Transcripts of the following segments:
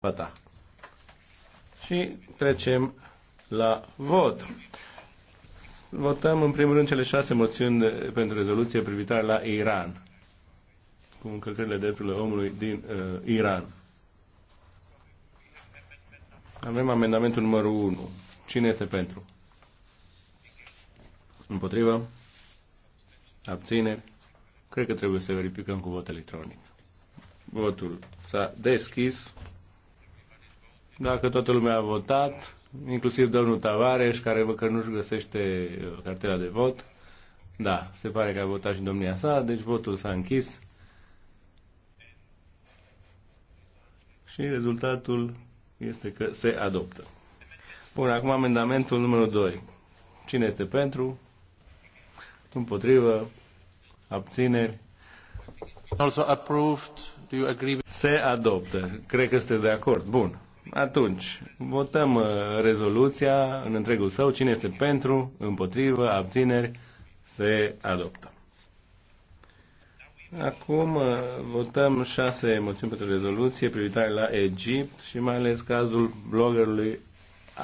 ta. Da. Și trecem la vot. Votăm în primul rând cele șase moțiuni pentru rezoluție privitoare la Iran, cu încălcările drepturilor omului din uh, Iran. Avem amendamentul numărul 1. Cine este pentru? Împotrivă? Abțineri? Cred că trebuie să verificăm cu vot electronic. Votul s-a deschis. Dacă toată lumea a votat, inclusiv domnul Tavares, care văd că nu-și găsește uh, cartela de vot, da, se pare că a votat și domnia sa, deci votul s-a închis. Și rezultatul este că se adoptă. Bun, acum amendamentul numărul 2. Cine este pentru? Împotrivă? Abțineri? Also approved. Do you agree? Se adoptă. Cred că este de acord. Bun. Atunci, votăm uh, rezoluția în întregul său. Cine este pentru, împotrivă, abțineri, se adoptă. Acum uh, votăm șase moțiuni pentru rezoluție privitoare la Egipt și mai ales cazul bloggerului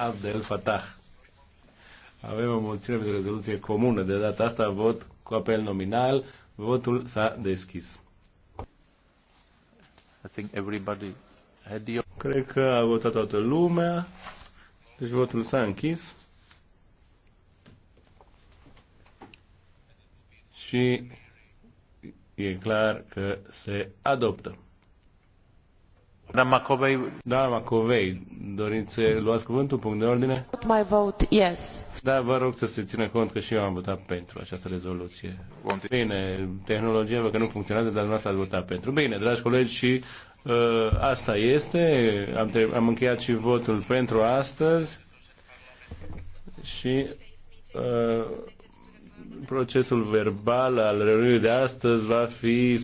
Abdel Fattah. Avem o moțiune pentru rezoluție comună. De data asta vot cu apel nominal. Votul s-a deschis. I think everybody had the Cred că a votat toată lumea. Deci votul s-a închis. Și e clar că se adoptă. Doamna Macovei, da, Macovei, doriți să luați cuvântul, punct de ordine? My vote, yes. Da, vă rog să se țină cont că și eu am votat pentru această rezoluție. Bine, tehnologia vă că nu funcționează, dar dumneavoastră ați votat pentru. Bine, dragi colegi, și Uh, asta este, am, am încheiat și votul pentru astăzi și uh, procesul verbal al reuniunii de astăzi va fi